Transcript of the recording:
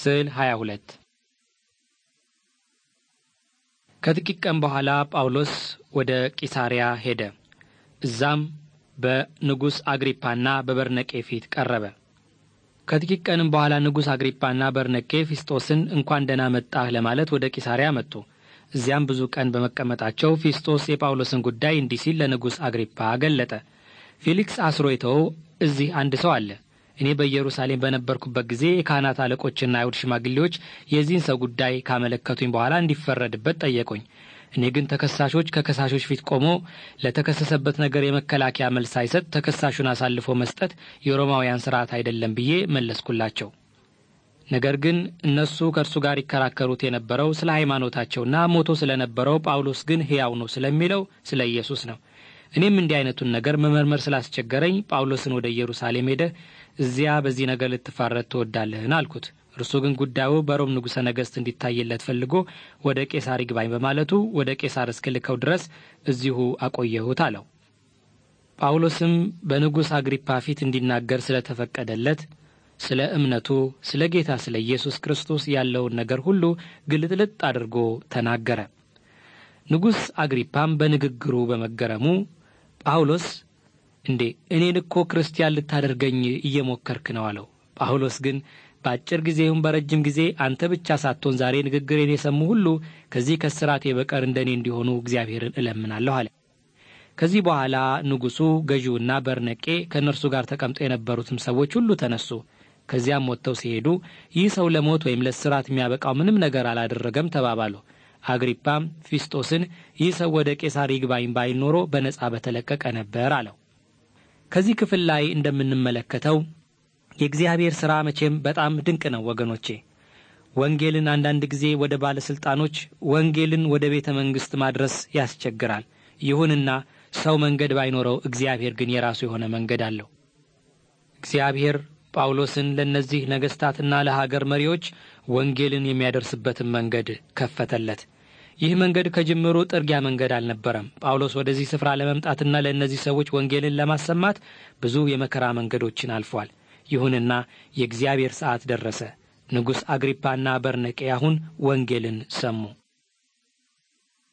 ስዕል 22 ከጥቂት ቀን በኋላ ጳውሎስ ወደ ቂሳሪያ ሄደ። እዛም በንጉሥ አግሪፓና በበርነቄ ፊት ቀረበ። ከጥቂት ቀንም በኋላ ንጉሥ አግሪፓና በርነቄ ፊስጦስን እንኳን ደህና መጣህ ለማለት ወደ ቂሳሪያ መጡ። እዚያም ብዙ ቀን በመቀመጣቸው ፊስጦስ የጳውሎስን ጉዳይ እንዲህ ሲል ለንጉሥ አግሪፓ ገለጠ። ፌሊክስ አስሮ የተወው እዚህ አንድ ሰው አለ። እኔ በኢየሩሳሌም በነበርኩበት ጊዜ የካህናት አለቆችና አይሁድ ሽማግሌዎች የዚህን ሰው ጉዳይ ካመለከቱኝ በኋላ እንዲፈረድበት ጠየቁኝ። እኔ ግን ተከሳሾች ከከሳሾች ፊት ቆሞ ለተከሰሰበት ነገር የመከላከያ መልስ ሳይሰጥ ተከሳሹን አሳልፎ መስጠት የሮማውያን ስርዓት አይደለም ብዬ መለስኩላቸው። ነገር ግን እነሱ ከእርሱ ጋር ይከራከሩት የነበረው ስለ ሃይማኖታቸውና ሞቶ ስለነበረው ጳውሎስ ግን ሕያው ነው ስለሚለው ስለ ኢየሱስ ነው። እኔም እንዲህ አይነቱን ነገር መመርመር ስላስቸገረኝ ጳውሎስን ወደ ኢየሩሳሌም ሄደ እዚያ በዚህ ነገር ልትፋረት ትወዳለህን አልኩት። እርሱ ግን ጉዳዩ በሮም ንጉሠ ነገሥት እንዲታይለት ፈልጎ ወደ ቄሳር ይግባኝ በማለቱ ወደ ቄሳር እስክልከው ድረስ እዚሁ አቆየሁት አለው። ጳውሎስም በንጉሥ አግሪፓ ፊት እንዲናገር ስለተፈቀደለት ስለ እምነቱ ስለ ጌታ ስለ ኢየሱስ ክርስቶስ ያለውን ነገር ሁሉ ግልጥልጥ አድርጎ ተናገረ። ንጉሥ አግሪፓም በንግግሩ በመገረሙ ጳውሎስ እንዴ እኔን እኮ ክርስቲያን ልታደርገኝ እየሞከርክ ነው አለው። ጳውሎስ ግን በአጭር ጊዜውም በረጅም ጊዜ አንተ ብቻ ሳትሆን ዛሬ ንግግሬን የሰሙ ሁሉ ከዚህ ከስራቴ በቀር እኔ እንዲሆኑ እግዚአብሔርን እለምናለሁ አለ። ከዚህ በኋላ ንጉሡ፣ ገዢውና በርነቄ ከእነርሱ ጋር ተቀምጠው የነበሩትም ሰዎች ሁሉ ተነሱ። ከዚያም ወጥተው ሲሄዱ ይህ ሰው ለሞት ወይም ለስራት የሚያበቃው ምንም ነገር አላደረገም ተባባሉ። አግሪጳም ፊስጦስን ይህ ሰው ወደ ቄሳር ይግባኝ ባይል ኖሮ በነጻ በተለቀቀ ነበር አለው። ከዚህ ክፍል ላይ እንደምንመለከተው የእግዚአብሔር ሥራ መቼም በጣም ድንቅ ነው ወገኖቼ። ወንጌልን አንዳንድ ጊዜ ወደ ባለሥልጣኖች፣ ወንጌልን ወደ ቤተ መንግሥት ማድረስ ያስቸግራል። ይሁንና ሰው መንገድ ባይኖረው እግዚአብሔር ግን የራሱ የሆነ መንገድ አለው። እግዚአብሔር ጳውሎስን ለእነዚህ ነገሥታትና ለሀገር መሪዎች ወንጌልን የሚያደርስበትን መንገድ ከፈተለት። ይህ መንገድ ከጅምሩ ጥርጊያ መንገድ አልነበረም። ጳውሎስ ወደዚህ ስፍራ ለመምጣትና ለእነዚህ ሰዎች ወንጌልን ለማሰማት ብዙ የመከራ መንገዶችን አልፏል። ይሁንና የእግዚአብሔር ሰዓት ደረሰ። ንጉሥ አግሪፓና በርነቄ አሁን ወንጌልን ሰሙ።